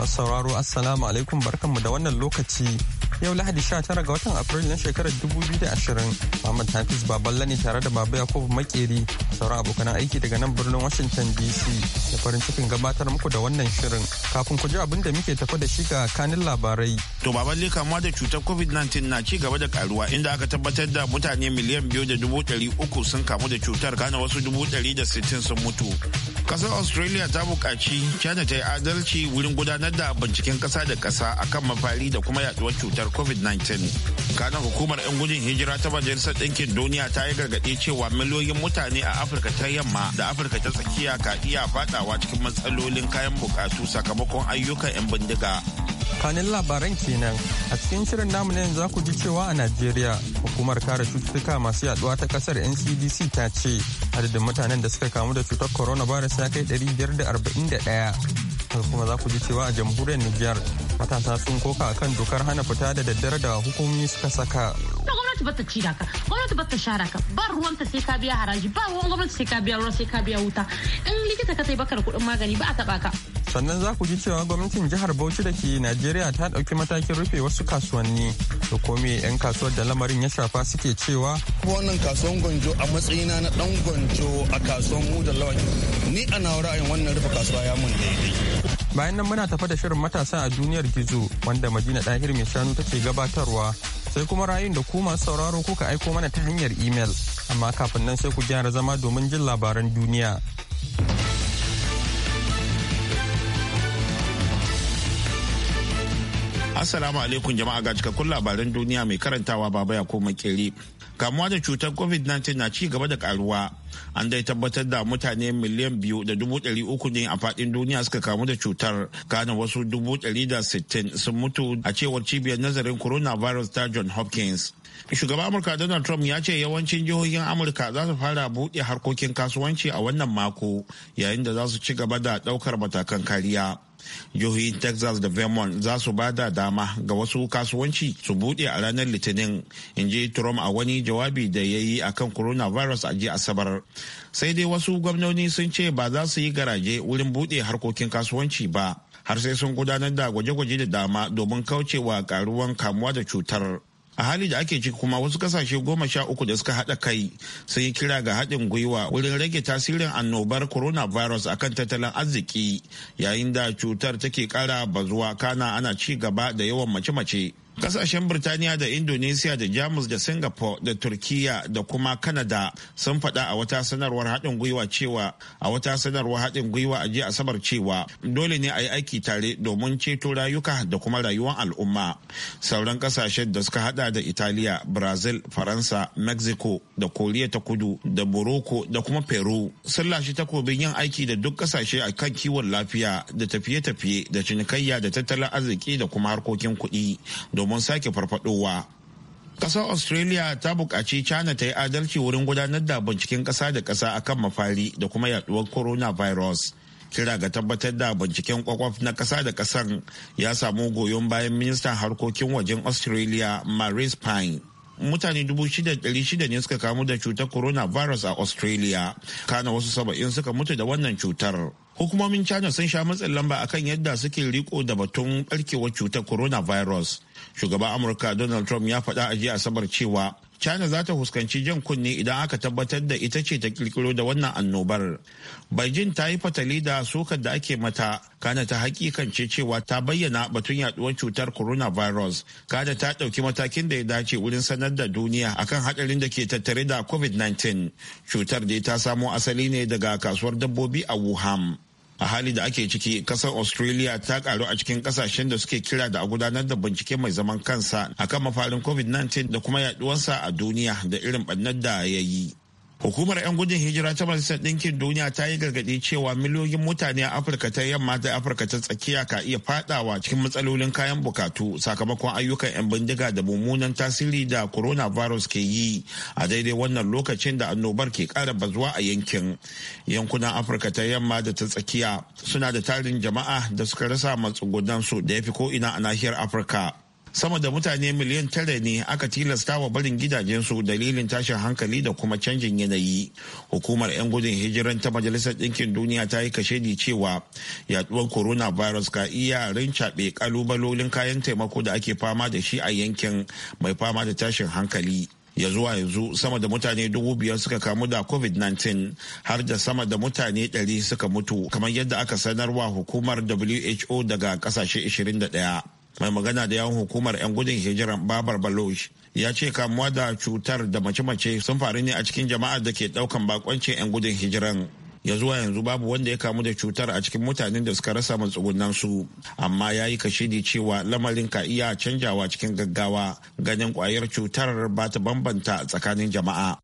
Masu sauraro Assalamu alaikum barkanmu da wannan lokaci. Yau Lahadi 19 ga watan Afrilu na shekarar 2020 Muhammad Hafiz Baballa ne tare da Baba Yakubu Makeri sauran abokan aiki daga nan birnin Washington DC da farin cikin gabatar muku da wannan shirin. Kafin ku ji abin da muke tafa da shi ga kanin labarai. To Baballe kamuwa da cutar COVID-19 na ci gaba da karuwa inda aka tabbatar da mutane miliyan biyu da dubu ɗari uku sun kamu da cutar gane wasu dubu ɗari da sittin sun mutu. Kasar Australia ta buƙaci China ta yi adalci wurin gudanar gudanar da binciken kasa da kasa akan mafari da kuma yaduwar cutar covid-19 kana hukumar 'yan gudun hijira ta majalisar ɗinkin duniya ta yi gargaɗi cewa miliyoyin mutane a afirka ta yamma da afirka ta tsakiya ka iya fadawa cikin matsalolin kayan bukatu sakamakon ayyukan 'yan bindiga kanin labaran kenan a cikin shirin namu na za ku ji cewa a najeriya hukumar kare cututtuka masu yaduwa ta kasar ncdc ta ce adadin mutanen da suka kamu da cutar coronavirus ya kai 541 kuma za ku ji cewa a jamhuriyar Nijar matasa sun koka kan dokar hana fita da daddare da hukumomi suka saka. Da gwamnati ba ta ci da gwamnati ba ta ka, ba ta sai ka biya haraji, ba ruwan gwamnati sai ka biya ruwa sai ka biya wuta. In likita ka sai baka da kuɗin magani ba a taɓa ka. Sannan za ku ji cewa gwamnatin jihar Bauchi da ke Najeriya ta ɗauki matakin rufe wasu kasuwanni da kome 'yan kasuwar da lamarin ya shafa suke cewa. Wannan kasuwan gwanjo a matsayina na ɗan gwanjo a kasuwan mu da lawaki ni a na ra'ayin wannan rufe kasuwa ya mun daidai. bayan nan muna tafa da shirin matasa a duniyar gizo wanda madina ɗahir mai shanu take gabatarwa sai kuma rayun da ku masu sauraro kuka aiko mana ta hanyar imel amma kafin nan sai ku gyara zama domin jin labaran duniya Assalamu alaikum jama'a ga cikakkun labaran duniya mai karantawa baba ya koma makeri kamuwa da cutar covid-19 na ci gaba da karuwa an dai tabbatar da mutane miliyan biyu da dubu ɗari uku ne a faɗin duniya suka kamu da cutar kana wasu dubu ɗari da sittin sun mutu a cewar cibiyar nazarin coronavirus ta john hopkins shugaban amurka donald trump ya ce yawancin jihohin amurka za su fara buɗe harkokin kasuwanci a wannan mako yayin da za su ci gaba da ɗaukar matakan kariya jihohin texas da vermont za su ba da dama ga wasu kasuwanci su bude a ranar litinin in ji trump a wani jawabi da ya yi akan coronavirus a jiya asabar sai dai wasu gwamnoni sun ce ba za su yi garaje wurin bude harkokin kasuwanci ba har sai sun gudanar da gwaje-gwaje da dama domin kaucewa karuwan kamuwa da cutar a hali da ake ciki kuma wasu kasashe goma sha uku da suka haɗa kai sun yi kira ga haɗin gwiwa wurin rage tasirin annobar coronavirus a kan tattalin arziki yayin da cutar take ƙara bazuwa kana ana ci gaba da yawan mace-mace Kasashen Birtaniya da Indonesia da Jamus da Singapore da Turkiya da kuma kanada sun faɗa a wata sanarwar haɗin gwiwa cewa a wata sanarwar haɗin gwiwa a jiya Asabar cewa dole ne a yi aiki tare domin ceto rayuka da kuma rayuwar al'umma. Sauran kasashen da suka haɗa da Italiya, Brazil, Faransa, Mexico da Koriya ta Kudu da Morocco da kuma Peru sun lashe takobin yin aiki da duk kasashe a kan kiwon lafiya da tafiye-tafiye da cinikayya da tattalin arziki da kuma harkokin kuɗi domin sake farfadowa. Ƙasar Australia ta buƙaci China ta yi adalci wurin gudanar da binciken ƙasa da ƙasa akan mafari da kuma yaduwar coronavirus. kira ga tabbatar da binciken kwakwaf na ƙasa da ƙasar ya samu goyon bayan ministan harkokin wajen australia maurice pine mutane dubu shida shida ne suka kamu da cutar corona virus a australia kana wasu saba'in suka mutu da wannan cutar hukumomin china sun sha matsin lamba akan yadda suke riko da batun barkewar cutar corona virus. shugaban amurka donald trump ya faɗa a jiya asabar cewa china za ta huskanci jan kunne idan aka tabbatar da ita ce ta kirkiro da wannan annobar beijing ta yi fatali da sokar da ake mata kana ta hakikance cewa ta bayyana batun yaduwar cutar coronavirus kada ta ɗauki matakin da ya dace wurin sanar da duniya akan hadarin da ke tattare da covid-19 cutar dai ta samo asali ne daga kasuwar dabbobi a wuhan a hali da ake ciki kasar australia ta karu a cikin kasashen da suke kira da a gudanar da bincike mai zaman kansa akan mafarin covid-19 da kuma yaduwansa a duniya da irin ɓannar da ya yi Hukumar 'yan gudun hijira ta Majalisar Ɗinkin Duniya ta yi gargaɗi cewa miliyoyin mutane a Afirka ta yamma da Afirka ta tsakiya ka iya fadawa cikin matsalolin kayan bukatu sakamakon ayyukan 'yan bindiga da mummunan tasiri da coronavirus ke yi a daidai wannan lokacin da annobar ke ƙara bazuwa a yankin. Yankunan Afirka ta yamma da ta tsakiya suna da tarin jama'a da suka rasa matsugunansu da ya fi ko'ina a nahiyar Afirka. sama da mutane miliyan tara ne aka tilasta wa barin gidajensu dalilin tashin hankali da kuma canjin yanayi hukumar 'yan gudun hijiran ta majalisar ɗinkin duniya ta yi kashe ni cewa yaduwar coronavirus ka iya rincaɓe kalubalolin kayan taimako da ake fama da shi a yankin mai fama da tashin hankali ya zuwa yanzu sama da mutane dubu biyar suka kamu da covid-19 har da sama da mutane ɗari suka mutu kamar yadda aka sanarwa hukumar who daga kasashe 21 mai magana da yawon hukumar 'yan gudun hijira babar baloch ya ce kamuwa da cutar da mace-mace sun faru ne a cikin jama'a da ke daukan bakoncin 'yan gudun hijiran ya zuwa yanzu babu wanda ya kamu da cutar a cikin mutanen da suka rasa matsugunan su amma ya yi kashidi cewa lamarin ka iya canjawa cikin gaggawa ganin kwayar cutar ba ta bambanta tsakanin jama'a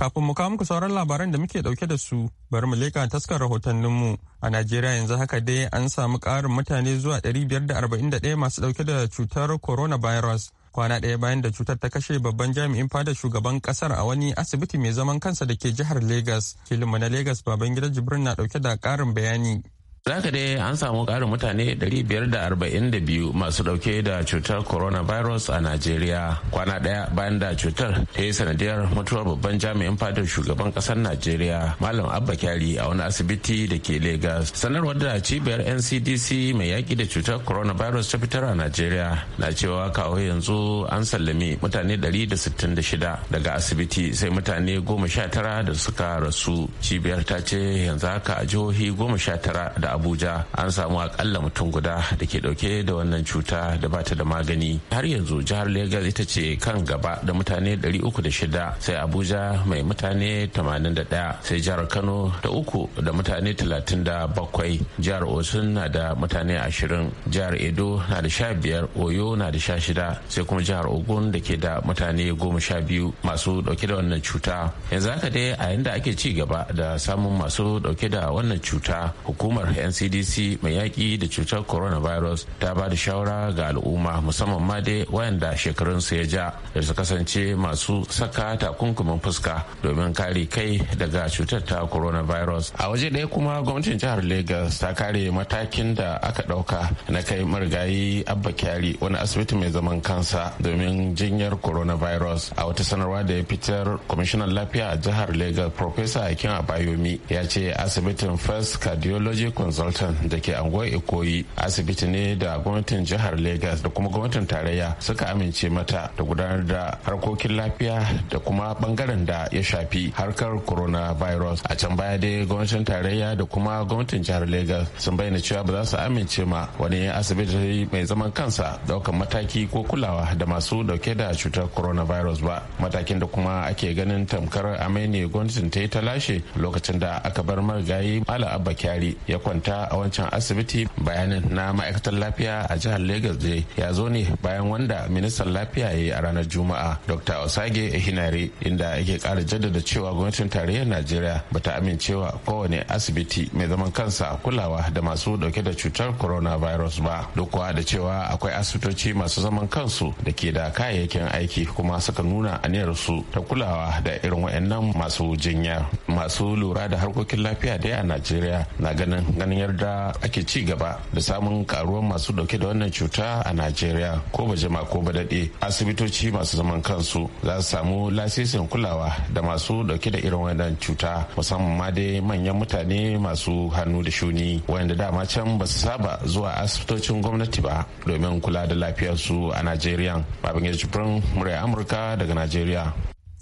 Kafin mu kawo muku sauran labaran da muke dauke da su, bari mu leka taskar rahotanninmu. A Najeriya yanzu haka dai an samu ƙarin mutane zuwa 541 masu dauke da cutar corona virus. Kwana ɗaya bayan da cutar ta kashe babban jami'in fada shugaban ƙasar a wani asibiti mai zaman kansa da ke jihar Legas. Filinmu na Legas Babangida Jibrin na ɗauke da ƙarin bayani. zaka dai an samu karin mutane 542 masu ɗauke da cutar coronavirus a najeriya kwana ɗaya bayan da cutar ta yi sanadiyar mutuwar babban jami'in fadar shugaban ƙasar najeriya malam abba kyari a wani asibiti da ke lagos sanarwar da cibiyar ncdc mai yaki da cutar coronavirus ta fitar a najeriya na cewa kawo yanzu an sallami mutane 166 daga asibiti sai mutane 19 da suka rasu cibiyar ta ce yanzu haka a jihohi 19 da abuja an samu akalla mutum guda da ke dauke da wannan cuta da ba ta da magani har yanzu jihar lagos ita ce kan gaba da mutane 306 sai abuja mai mutane 81 sai jihar kano da uku da mutane 37 jihar osun na da mutane 20 jihar edo na da 15 oyo na da 16 sai kuma jihar ogun da ke da mutane 12 masu dauke da wannan cuta yanzu haka dai a yanda ake ci gaba da samun masu dauke da wannan cuta hukumar ncdc mai yaƙi da cutar coronavirus ta ba da shawara ga al'umma musamman ma dai wayanda su ya ja da su kasance masu saka takunkumin fuska domin kare kai daga cutar ta coronavirus a waje ɗaya kuma gwamnatin jihar lagos ta kare matakin da aka ɗauka na kai marigayi abba kyari wani asibiti mai zaman kansa domin jinyar coronavirus a wata sanarwa da ya fitar kwamishinan lafiya a jihar lagos professor akin abayomi ya ce asibitin first cardiology consultant da ke anguwar ikoyi asibiti ne da gwamnatin jihar lagos da kuma gwamnatin tarayya suka amince mata da gudanar da harkokin lafiya da kuma bangaren da ya shafi harkar coronavirus a can baya dai gwamnatin tarayya da kuma gwamnatin jihar lagos sun bayyana cewa ba za su amince ma wani asibiti mai zaman kansa daukan mataki ko kulawa da masu dauke da cutar coronavirus ba matakin da kuma ake ganin tamkar amai ne gwamnatin ta yi ta lashe lokacin da aka bar marigayi mala abba kyari ya kwanta kwanta a wancan asibiti bayanin na ma'aikatar lafiya a jihar Legas dai ya zo ne bayan wanda ministan lafiya ya yi a ranar Juma'a Dr. Osage hinari inda yake kara jaddada cewa gwamnatin tarayyar Najeriya ta amincewa kowane asibiti mai zaman kansa kulawa da masu dauke da cutar coronavirus ba duk da cewa akwai asibitoci masu zaman kansu da ke da kayayyakin aiki kuma suka nuna su ta kulawa da irin waɗannan masu jinya masu lura da harkokin lafiya dai a Najeriya na ganin ganin yarda ake ci gaba da samun karuwan masu dauke da wannan cuta a najeriya ko ba jima ko ba daɗe asibitoci masu zaman kansu za su samu lasisin kulawa da masu dauke da irin wannan cuta musamman ma dai manyan mutane masu hannu da shuni wanda dama can ba su saba zuwa asibitocin gwamnati ba domin kula da lafiyarsu a najeriya babin jibrin murya amurka daga najeriya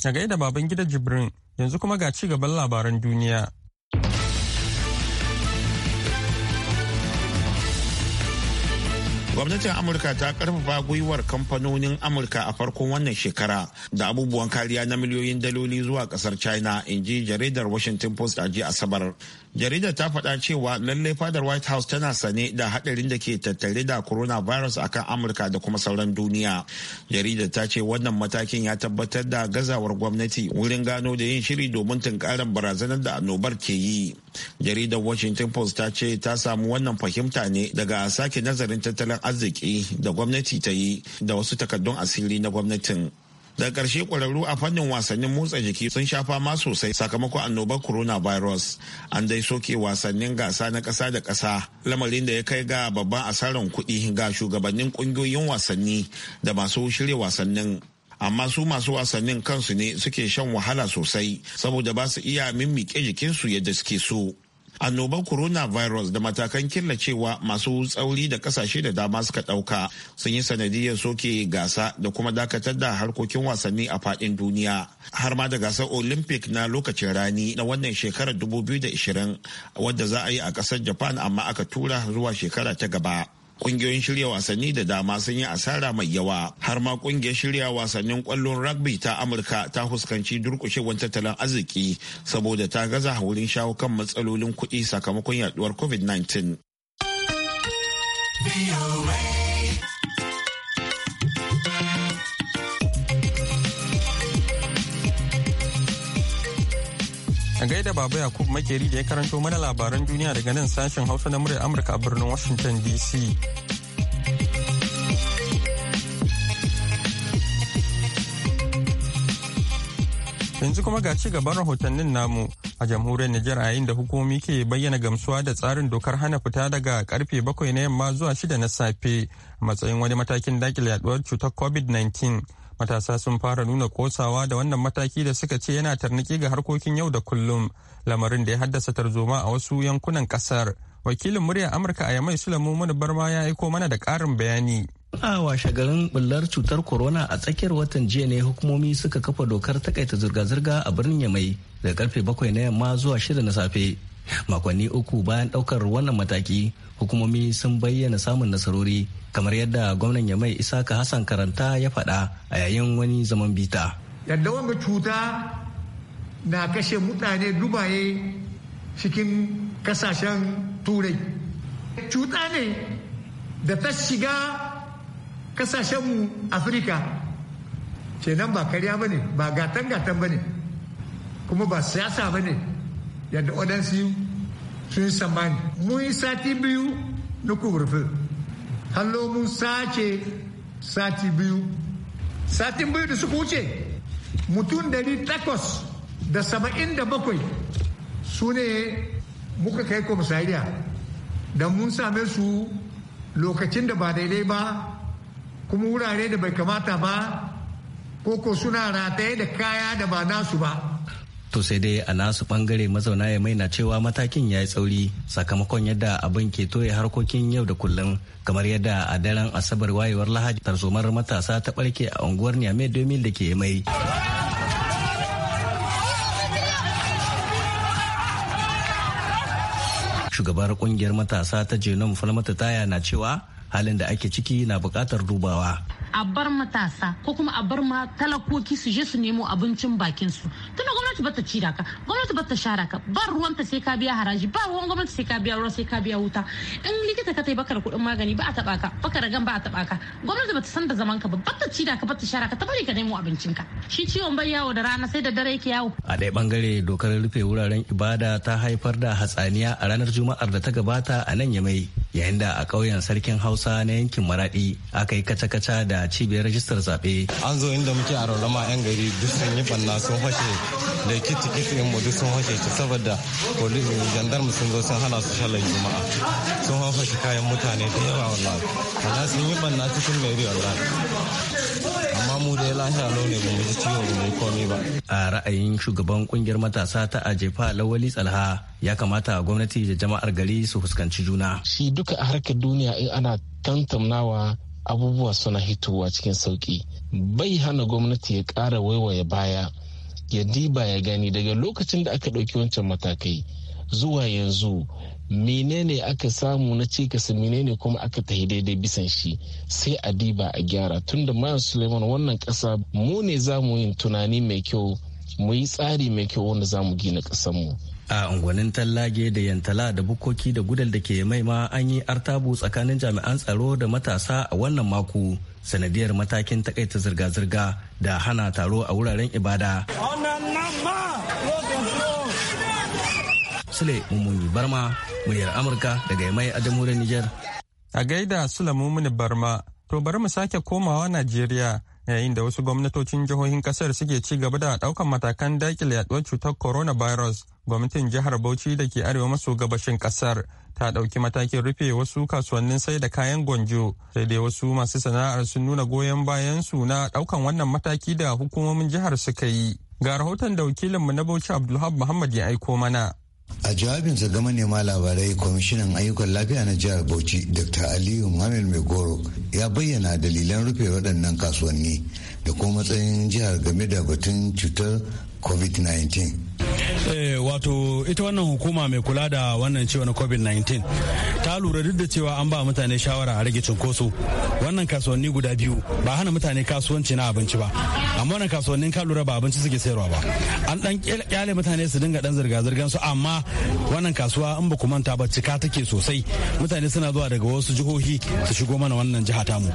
a gaida baban gida jibrin yanzu kuma ga ci gaban labaran duniya Gwamnatin Amurka ta karfafa gwiwar kamfanonin Amurka a farkon wannan shekara da abubuwan kariya na miliyoyin daloli zuwa kasar China, in ji jaridar Washington Post a ji Asabar. Jaridar ta faɗa cewa lallai fadar White House tana sane da haɗarin da ke tattare da coronavirus a kan Amurka da kuma sauran duniya. Jaridar ta ce wannan matakin ya tabbatar da gazawar gwamnati wurin gano da yin shiri domin tunkarar barazanar da annobar ke yi. jaridar washington post ta ce ta samu wannan fahimta ne daga sake nazarin tattalin arziki da gwamnati ta yi da wasu takardun asiri na gwamnatin daga karshe ƙwararru a fannin wasannin motsa jiki sun sha fama sosai sakamakon annobar coronavirus an dai soke wasannin gasa na ƙasa da ƙasa lamarin da ya kai ga babban asarar kuɗi ga shugabannin ƙungiyoyin wasanni da masu shirya wasannin amma su masu wasannin kansu ne suke shan wahala sosai saboda ba su iya mimmike jikinsu yadda suke so annobar coronavirus da matakan killacewa masu tsauri da kasashe da dama suka ɗauka sun yi sanadiyar soke gasa da kuma dakatar da harkokin wasanni a fadin duniya har ma da gasar olympic na lokacin rani na wannan shekarar 2020 wadda za a yi a kasar japan amma aka tura zuwa shekara ta gaba Ƙungiyoyin shirya wasanni da dama sun yi asara mai yawa har ma ƙungiyar shirya wasannin ƙwallon rugby ta Amurka ta fuskanci durƙushewar tattalin arziki saboda ta gaza wurin shawo kan matsalolin kuɗi sakamakon yaduwar COVID-19. A gaida Baba Yakub Makeri da ya karanto mana labaran duniya daga nan sashen Hausa na muryar Amurka a birnin Washington DC. Yanzu kuma ga ci gaban rahotannin namu a jamhuriyar Nijar yayin da hukumomi ke bayyana gamsuwa da tsarin dokar hana fita daga karfe bakwai na yamma zuwa shida na safe a matsayin wani matakin dakile yaduwar cutar COVID-19. matasa sun fara nuna kosawa da wannan mataki da suka ce yana tarniki ga harkokin yau da kullum lamarin da ya haddasa tarzoma a wasu yankunan kasar wakilin muryar amurka a yamai sulamu mun barma ya aiko mana da karin bayani a washe garin bullar cutar corona a tsakiyar watan jiya ne hukumomi suka kafa dokar takaita zirga-zirga a birnin yamai daga karfe bakwai na yamma zuwa shida na safe makonni uku bayan daukar wannan mataki hukumomi sun bayyana samun nasarori kamar yadda gwamnan yamai ka hassan karanta ya fada a yayin wani zaman bita yadda wanga cuta na kashe mutane dubaye cikin kasashen turai cuta ne da ta shiga kasashenmu afirka kenan ba karya ba ne ba gatan-gatan ba ne kuma ba siyasa ba ne yadda odansi sun samani mun yi sati biyu na kurfe hallo mun sace sati biyu sati biyu da suka wuce mutum dari takwas da saba'in da bakwai su ne muka kai komisariya da mun same su lokacin da ba daidai ba kuma wurare da bai kamata ba koko suna rataye da kaya da ba nasu ba to sai dai a nasu bangare mazauna ya maina cewa matakin ya yi tsauri sakamakon yadda abin ke toye harkokin yau da kullum kamar yadda a daren asabar wayewar lahaji tarzomar matasa ta barke a unguwar niamey domin da ke mai shugabar kungiyar matasa ta jenom falmata taya na cewa halin da ake ciki na bukatar dubawa a bar matasa ko kuma a bar talakoki su je su nemo abincin bakin su tunda gwamnati bata ci da ka gwamnati bata share ka ba ta sai ka biya haraji ba ruwan gwamnati sai ka biya ruwa sai ka biya wuta in likita ka tai bakar da kuɗin magani ba a taba ka baka gan ba a taba ka gwamnati bata san da zaman ka ba bata ci da ka bata share ka ta bari ka nemo abincin ka shi ciwon bai yawo da rana sai da dare yake yawo a ɗaya bangare dokar rufe wuraren ibada ta haifar da hatsaniya a ranar juma'ar da ta gabata a nan yamai yayin da a ƙauyen sarkin hausa na yankin maradi aka yi kaca-kaca da cibiyar rajistar zaɓe an zo inda muke a rarrama 'yan gari duk sun yi banna sun hashe da kiti mu duk sun hashe shi saboda jandarmu sun zo sun hana su shalar juma'a sun hashe kayan mutane da yawa wallahi sun yi banna cikin gari wallahi samu mu da lafiya lau ne ba mu ciwo ba mai komai ba a ra'ayin shugaban kungiyar matasa ta ajefa lawali tsalha ya kamata gwamnati da jama'ar gari su fuskanci juna shi duka a harkar duniya in ana tantamnawa abubuwa suna hitowa cikin sauki bai hana gwamnati ya ƙara waiwaye baya ya diba ya gani daga lokacin da aka ɗauki wancan matakai zuwa yanzu menene aka samu na cikasa menene kuma aka tahi daidai bisan shi sai a diba a gyara tunda mayan suleiman wannan kasa mu ne za mu yi tunani mai kyau mu yi tsari mai kyau wanda za mu gina mu. a unguwannin tallage da yantala da bukoki da gudal da ke maima an yi artabu tsakanin jami'an tsaro da matasa a wannan mako sanadiyar matakin takaita zirga-zirga da hana taro a wuraren ibada. Sule Mummuni Barma muryar Amurka daga Yamai a jamhuriyar niger A gaida Sule Mummuni Barma to bari mu sake komawa Najeriya yayin da wasu gwamnatocin jihohin kasar suke ci gaba da daukan matakan dakile yaduwar cutar coronavirus gwamnatin jihar Bauchi da ke arewa maso gabashin kasar ta ɗauki matakin rufe wasu kasuwannin sai da kayan gwanjo sai dai wasu masu sana'ar sun nuna goyon bayan su na ɗaukan wannan mataki da hukumomin jihar suka yi ga rahoton da wakilinmu na Bauchi Abdulhab Muhammad ya aiko mana a jawabinsa ga manema labarai kwamishinan ayyukan lafiya na jihar bauchi dr aliyu muhammad mai goro ya bayyana dalilan rufe waɗannan kasuwanni da kuma matsayin jihar game da batun cutar covid-19 wato ita wannan hukuma mai kula da wannan cewa na covid-19 ta lura duk da cewa an ba mutane shawara a rage cunkoso wannan kasuwanni guda biyu ba hana mutane kasuwanci na abinci ba amma wannan kasuwannin ka lura ba abinci suke sayarwa ba an dan kyale mutane su dinga dan zirga-zirgan su amma wannan kasuwa in ba ku manta ba cika take sosai mutane suna zuwa daga wasu jihohi su shigo mana wannan jiha tamu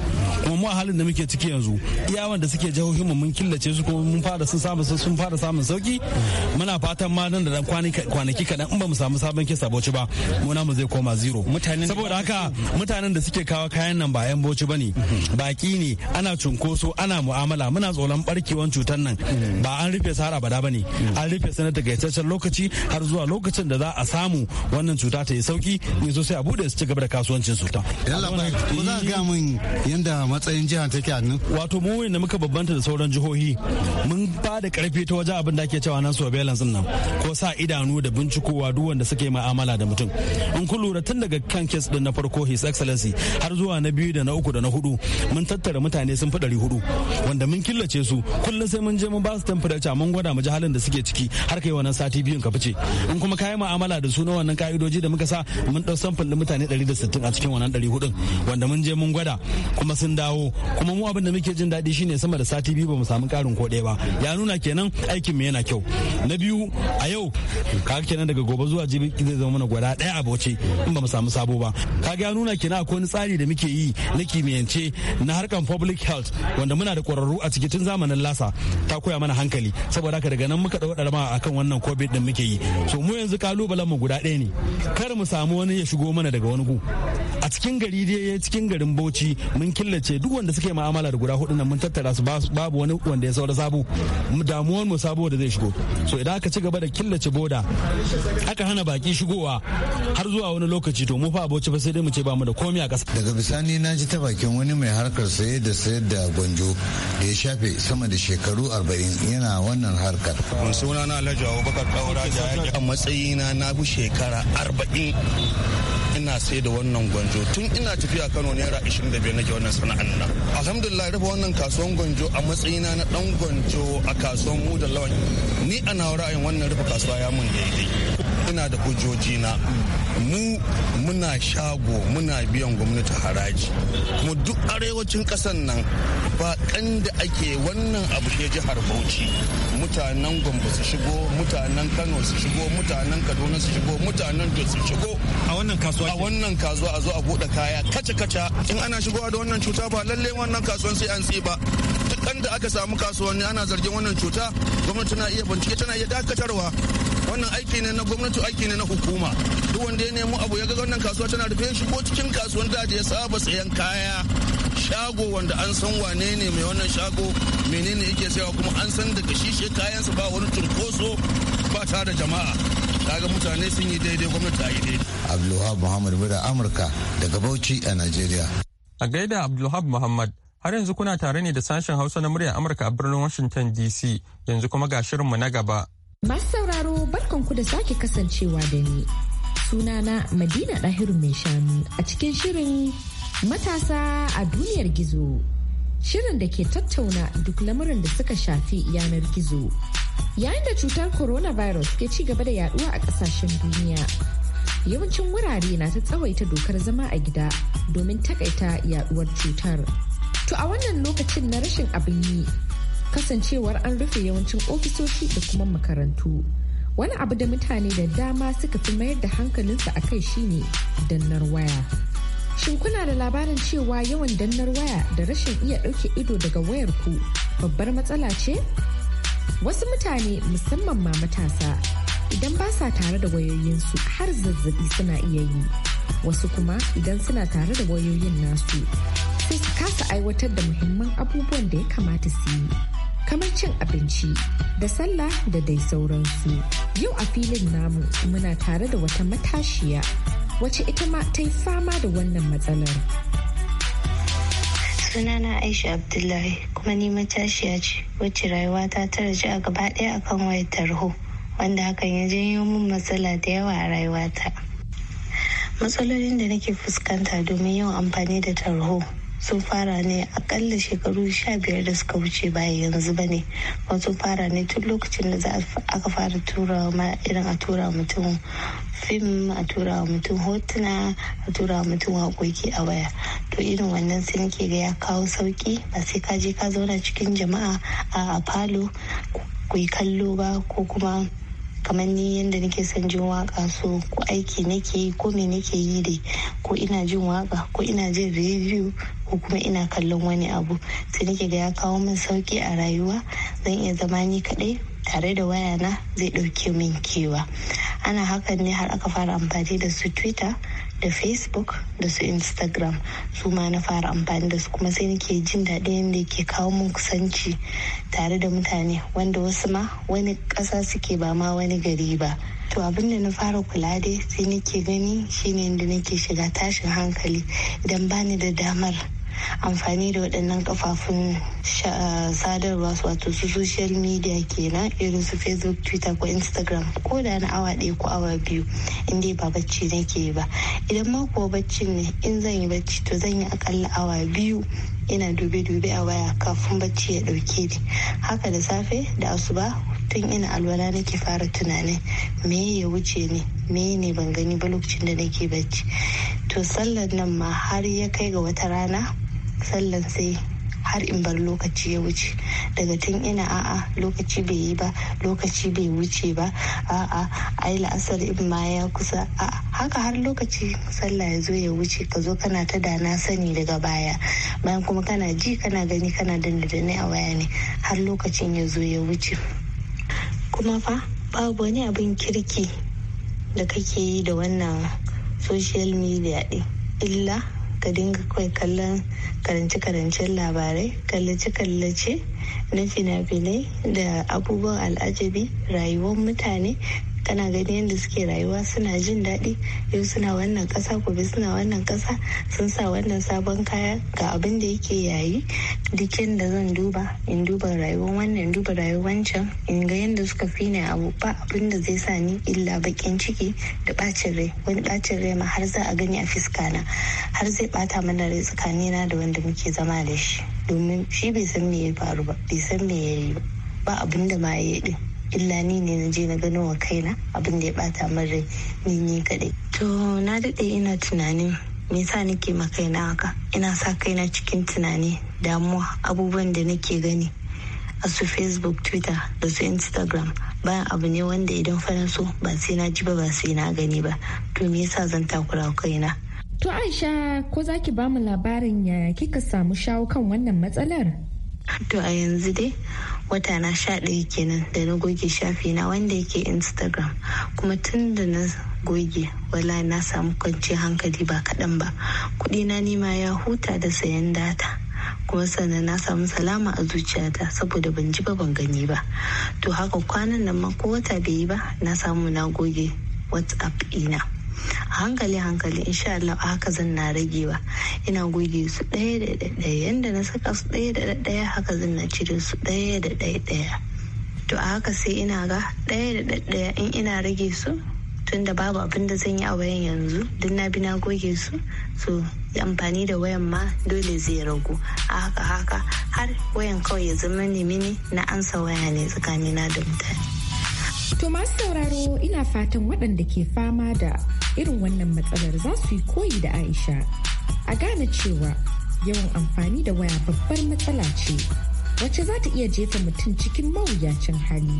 kuma mu a halin da muke ciki yanzu iya wanda suke jihohin mu mun killace su kuma mun fara sun samu sun fara samun sauki muna fatan ma nan da kwanaki kaɗan in ba mu samu sabon kisa bauchi ba muna mu zai koma zero saboda haka mutanen da suke kawo kayan nan ba yan bauchi ba ne baki ne ana cunkoso ana mu'amala muna tsoron barkewan cutar nan ba an rufe sahara bada ba ne an rufe sanar da gaitaccen lokaci har zuwa lokacin da za a samu wannan cuta ta yi sauki ne so sai a bude su ci gaba da kasuwancin su. ta. za ku ga min yadda matsayin jiha take a nan. Wato mu wanda muka babbanta da sauran jihohi mun ba da karfi ta wajen abin da ake cewa nan surveillance nan ko sa idanu da bincikowa duk wanda suke ma'amala da mutum in ku lura tun daga kan kes din na farko his excellency har zuwa na biyu da na uku da na hudu mun tattara mutane sun fi hudu wanda mun killace su kullum sai mun je mun ba su temperature mun gwada mu ji halin da suke ciki har kai wannan sati biyun ka fice in kuma kayi ma'amala da su na wannan ka'idoji da muka sa mun dau sample din mutane 160 a cikin wannan hudun wanda mun je mun gwada kuma sun dawo kuma mu abin da muke jin daɗi shine sama da sati biyu ba mu samu karin ko ɗaya ba ya nuna kenan aikin mu yana kyau na biyu a yau ka kenan daga gobe zuwa jibi zai zama mana gwada daya a in ba mu samu sabo ba ka ga nuna kenan akwai wani tsari da muke yi na kimiyyance na harkan public health wanda muna da kwararru a cikin zamanin lasa ta koya mana hankali saboda haka daga nan muka ɗau ɗarma akan wannan covid din muke yi so mu yanzu kalubalen mu guda daya ne kar mu samu wani ya shigo mana daga wani gu a cikin gari dai cikin garin bauchi mun killace duk wanda suke ma'amala da guda hudu nan mun tattara su babu wani wanda ya saura sabo damuwar mu sabo da zai shigo so idan aka ci gaba da killace boda aka hana baki shigowa har zuwa wani lokaci to mu fa abuci ba sai dai mu ce ba mu da komai a kasa. daga bisani na ji ta bakin wani mai harkar saye da sayar da gwanjo da ya shafe sama da shekaru 40 yana wannan harkar suna na alhaji abubakar daura a matsayina na bi shekara 40 ina sai da wannan gwanjo tun ina tafiya kano naira 25 nake wannan sana'ar nan alhamdulillah rufe wannan kasuwan gwanjo a matsayina na dan gwanjo a kasuwan mu da lawan ni a na ra'ayin wannan rufe kasuwa ya mun daidai muna da hujjoji na mu muna shago muna biyan gwamnati haraji kuma duk arewacin kasan nan ba kan da ake wannan abu ke jihar bauchi mutanen gombe su shigo mutanen kano su shigo mutanen kaduna su shigo mutanen da su shigo a wannan kasuwa a wannan kasuwa a zo a bude kaya kaca kaca in ana shigowa da wannan cuta ba lalle wannan kasuwan sai an sai ba duk da aka samu kasuwanni ana zargin wannan cuta gwamnati na iya bincike tana iya dakatarwa wannan aiki ne na gwamnati aiki ne na hukuma duk wanda ya nemo abu ya ga wannan kasuwa tana rufe shi ko cikin kasuwan daji ya saba sayan kaya shago wanda an san wane ne mai wannan shago menene yake sayawa kuma an san daga shishe kayansa ba wani cunkoso ba ta da jama'a kaga mutane sun yi daidai gwamnati ta yi daidai abdulwahab muhammad mura amurka daga bauchi a nigeria a gaida abdulwahab muhammad har yanzu kuna tare ne da sashen hausa na murya amurka a birnin washington dc yanzu kuma ga shirinmu na gaba Masu sauraro barkan ku da sake kasancewa da ni. Sunana Madina Ɗahiru mai shanu a cikin shirin matasa a duniyar gizo. Shirin da ke tattauna duk lamurin da suka shafi yanar gizo. Yayin da cutar coronavirus ke ci gaba da yaduwa a ƙasashen duniya. Yawancin wurare na ta tsawaita dokar zama a gida domin takaita yaduwar cutar. To a wannan lokacin na rashin abin yi kasancewar an rufe yawancin ofisoshi da kuma makarantu wani abu da mutane da dama suka fi mayar da hankalinsu a kai shine dannar waya shin kuna da labarin cewa yawan dannar waya da rashin iya ɗauke ido daga wayar ku babbar matsala ce wasu mutane musamman ma matasa idan ba sa tare da wayoyinsu har zazzabi suna iya yi wasu kuma idan suna tare da wayoyin nasu sai su kasa aiwatar da muhimman abubuwan da ya kamata su yi kamar cin abinci da sallah da dai sauransu. Yau a filin namu muna tare da wata matashiya wacce ita ma ta yi fama da wannan matsalar. sunana aisha abdullahi kuma ni matashiya ce wacce rayuwata ta ji a gaba ɗaya akan wayar tarho wanda hakan ya janyo min matsala da yawa a rayuwata matsalolin da nake fuskanta domin yin amfani da tarho sun fara ne akalla shekaru sha biyar da suka wuce ba yanzu ba ne kuma fara ne tun lokacin da aka fara tura ma irin a tura mutum fim a tura mutum hotuna a tura mutum waƙoƙi a waya to irin wannan sai nake ga ya kawo sauki ba sai ka je ka zauna cikin jama'a a falo ku yi kallo ba ko kuma kamar ni yadda nake son jin waka so ko aiki nake yi ko me nake yi dai ko ina jin waka ko ina jin rediyo ko kuma ina kallon wani abu sai nake ga ya kawo min sauki a rayuwa zan iya zama ni kaɗai tare da wayana zai ɗauke min kewa ana hakan ne har aka fara amfani da su twitter da facebook da su instagram su ma na fara amfani da su kuma sai nake jin daɗi yadda ke kawo mun kusanci tare da mutane wanda wasu ma wani ƙasa suke ba ma wani gari ba to abin da na fara kula dai sai nake gani shine yadda nake shiga tashin hankali idan bani da damar amfani da waɗannan kafafun eh, sadarwa wato su social media kenan irin su facebook twitter ko instagram ko da na awa ɗaya ko awa biyu in dai ba bacci nake ba idan ma kuwa bacci ne in zan yi bacci to zan yi akalla awa biyu ina dube-dube a waya kafin bacci ya ɗauke ni haka da safe da asuba tun ina alwala nake fara tunanin me ya wuce ne me ne ban gani ba lokacin da nake bacci to sallar nan ma har ya kai ga wata rana sallan sai har in bar lokaci ya wuce daga tun ina a'a lokaci bai yi ba lokaci bai wuce ba a'a ai la'asar in ma ya kusa a'a haka har lokaci sallah ya zo ya wuce ka zo kana ta dana sani daga baya bayan kuma kana ji kana gani kana dandadane a waya ne har lokacin ya zo ya wuce kuma fa babu wani abin kirki da kake yi da wannan social media ɗin illa ka dinga kawai kallon karance-karancen labarai kallace-kallace na fina-finai da abubuwan al'ajabi rayuwar mutane kana ganin yadda suke rayuwa suna jin daɗi yau suna wannan ƙasa gobe suna wannan ƙasa sun sa wannan sabon kaya ga abin da yake yayi duk yadda zan duba in duba rayuwar wannan duba rayuwar wancan in ga yadda suka fi ni abu ba abin da zai sa ni illa bakin ciki da ɓacin rai wani ɓacin rai ma har za a gani a fiska na har zai ɓata mana rai tsakanina da wanda muke zama da shi domin shi bai san me ya faru ba bai san me ya yi ba ba abin da ma ya yi illa ni ne na je na gano wa kaina abin da ya bata min rai ni ne kadai to na daɗe ina tunanin me yasa nake ma kaina haka ina sa kaina cikin tunani damuwa abubuwan da nake gani a su facebook twitter da su instagram bayan abu ne wanda idan fara so ba sai na ji ba ba sai na gani ba to me yasa zan takura kaina to aisha ko zaki bamu ba mu labarin yaya kika samu shawo kan wannan matsalar to a yanzu dai wata na sha ɗaya kenan da na goge shafi na wanda yake instagram kuma tun da na goge wala na samu kwanciyar hankali ba kaɗan ba kuɗi na nima ya huta da sayan data kuma sannan na samu salama a zuciyata saboda ban ji ba ban gani ba to haka kwanan nan ma ko wata bai yi ba na samu na goge whatsapp ina a hankali hankali insha Allah haka zan na ragewa ina goge su ɗaya da ɗaya yanda na saka su ɗaya da ɗaya haka zan na cire su ɗaya da ɗaya ɗaya to a haka sai ina ga ɗaya da ɗaya in ina rage su tunda babu abin da zan yi a wayan yanzu duk na bi na goge su so amfani da wayan ma dole zai ragu a haka haka har wayan kawai ya zama ne mini na ansa waya ne tsakanina da mutane To masu sauraro ina fatan waɗanda ke fama da irin wannan matsalar za su yi koyi da Aisha. A gane cewa yawan amfani da waya babbar matsala ce wacce za ta iya jefa mutum cikin mawuyacin hali.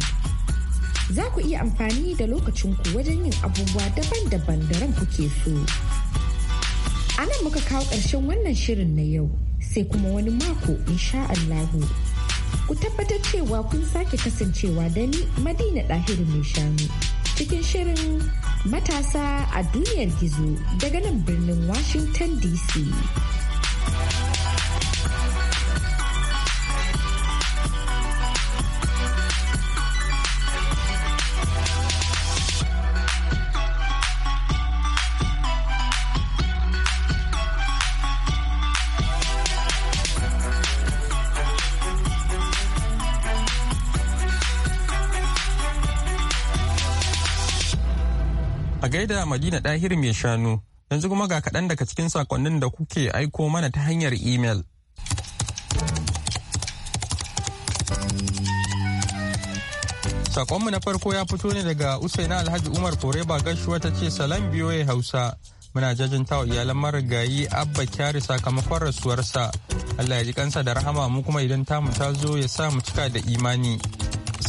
Za ku iya amfani da lokacinku wajen yin abubuwa daban-daban da ran kuke so. A nan muka kawo ƙarshen wannan shirin na yau sai kuma wani mako insha Allahu. ku tabbatar cewa kun sake kasancewa da ni madina ɗahiru mai shanu cikin shirin matasa a duniyar gizo daga nan birnin washington dc gaida Madina Dahir mai shanu, yanzu kuma ga kaɗan daga cikin sakonnin da kuke aiko mana ta hanyar imel. Sakonmu na farko ya fito ne daga Usaina Alhaji Umar Koreba Gashuwa ta ce salam ya Hausa. Muna jajinta wa iyalan marigayi Abba Kyari sakamakon rasuwarsa. Allah ya ji kansa da rahama mu kuma idan tamu ta zo ya sa mu cika da imani.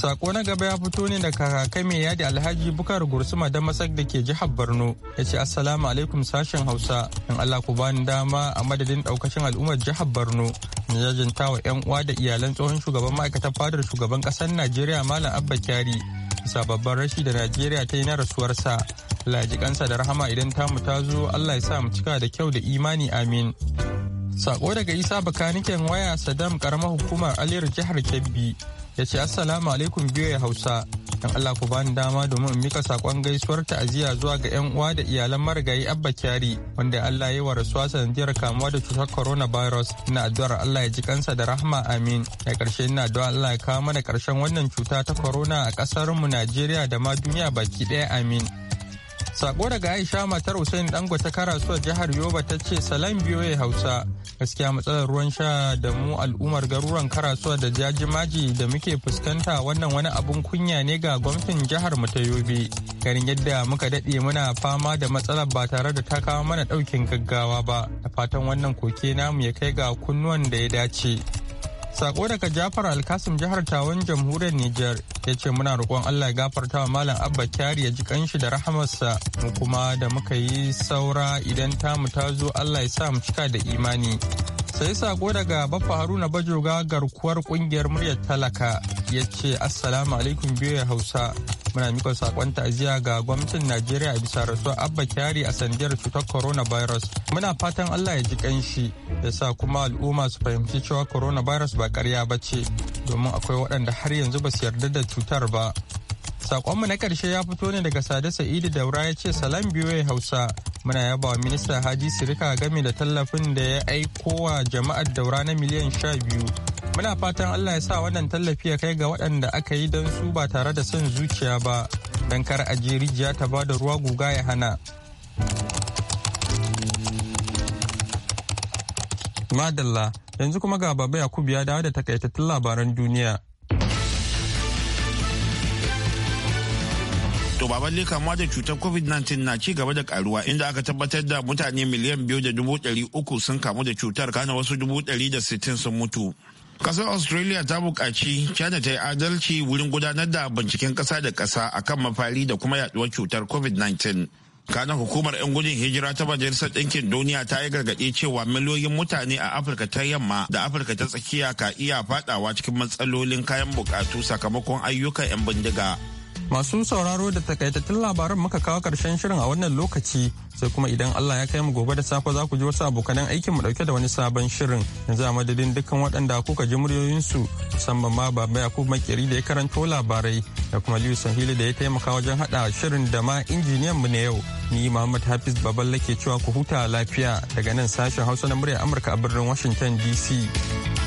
Sako na gaba ya fito ne da kakakai mai yadi Alhaji Bukar Gursuma da Masak da ke jihar Borno ya ce Assalamu alaikum sashen Hausa in Allah ku bani dama a madadin daukacin al'ummar jihar Borno na jajinta wa 'yan uwa da iyalan tsohon shugaban ma'aikatar fadar shugaban ƙasar Najeriya Malam Abba Kyari bisa babban rashi da Najeriya ta yi na rasuwarsa. lajikansa da rahama idan tamu ta zo Allah ya sa mu cika da kyau da imani amin. Sako daga Isa Bakaniken waya sadam karamar hukumar Aliyar jihar Kebbi ya ce assalamu alaikum biyu hausa don allah ku bani dama domin in mika sakon gaisuwar ta'aziyya zuwa ga yan uwa da iyalan marigayi abba kyari wanda allah ya wa rasuwa sanadiyar kamuwa da cutar coronavirus ina addu'ar allah ya ji kansa da rahma amin da karshe ina addu'ar allah ya kawo mana karshen wannan cuta ta corona a kasar mu najeriya da ma duniya baki ɗaya amin sako daga aisha matar hussein dangote karasuwar jihar yoba ta ce salam biyu hausa gaskiya matsalar ruwan sha da mu al'ummar garuruwan karasuwa da jajimaji da muke fuskanta wannan wani abun kunya ne ga gwamnatin jihar mu ta yobe ganin yadda muka daɗe muna fama da matsalar ba tare da ta kawo mana ɗaukin gaggawa ba da fatan wannan koke namu ya kai ga kunnuwan da ya dace Sako daga Jafar Alkasim jihar Tawan jamhuriyar Nijar ya ce muna roƙon Allah ya gafarta wa Malam Abba Kyari ya ji kanshi da rahamarsa mu kuma da muka yi saura idan tamu ta zo Allah ya sa mu cika da imani. sai sako daga bafa haruna bajoga garkuwar kungiyar muryar talaka ya ce assalamu alaikum biyu hausa muna miƙa sakon ta'aziyya ga gwamnatin najeriya a bisa rasuwa abba kyari a sandiyar cutar coronavirus muna fatan allah ya ji kanshi ya sa kuma al'umma su fahimci cewa coronavirus ba karya ba ce domin akwai waɗanda har yanzu ba su yarda da cutar ba sakonmu na ƙarshe ya fito ne daga sade sa'idu daura ya ce salam biyu hausa muna yaba wa minista haji sirika game da tallafin da ya aiko wa jama'ar daura na miliyan sha biyu muna fatan allah ya sa wannan tallafi ya kai ga waɗanda aka yi don su ba tare da son zuciya ba don kar a je rijiya ta ba da ruwa guga ya hana madalla yanzu kuma ga baba yakubu ya dawo da takaitattun labaran duniya to baban kamuwa da cutar covid-19 na ci gaba da karuwa inda aka tabbatar da mutane miliyan biyu da dubu ɗari uku sun kamu da cutar kana wasu dubu ɗari da sittin sun mutu kasar australia ta buƙaci china ta yi adalci wurin gudanar da binciken kasa da ƙasa akan mafari da kuma yaduwar cutar covid-19 kana hukumar 'yan gudun hijira ta majalisar ɗinkin duniya ta yi gargaɗi cewa miliyoyin mutane a afirka ta yamma da afirka ta tsakiya ka iya fadawa cikin matsalolin kayan bukatu sakamakon ayyukan 'yan bindiga Masu sauraro da takaitattun labaran muka kawo karshen shirin a wannan lokaci sai kuma idan Allah ya kai mu gobe da safe za ku ji wasu abokanan aikin mu dauke da wani sabon shirin yanzu a madadin dukkan waɗanda kuka ji muryoyinsu musamman ma baba Yakubu Makeri da ya karanto labarai da kuma Liyu Sahili da ya taimaka wajen haɗa shirin da ma injiniyan mu na yau ni Muhammad Hafiz Baballe ke cewa ku huta lafiya daga nan sashen Hausa na murya Amurka a birnin Washington DC.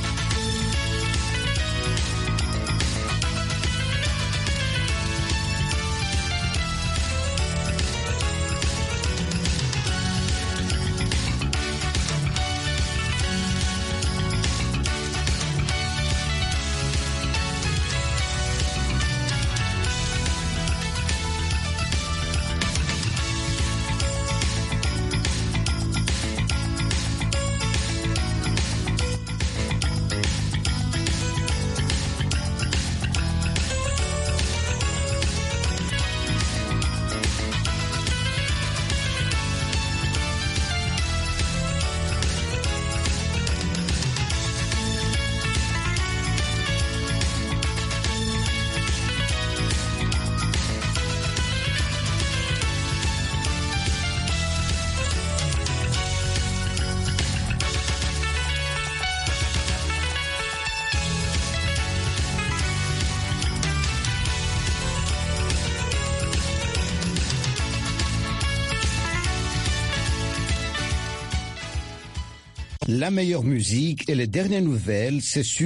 la meilleure musique et les dernières nouvelles, c'est sûr.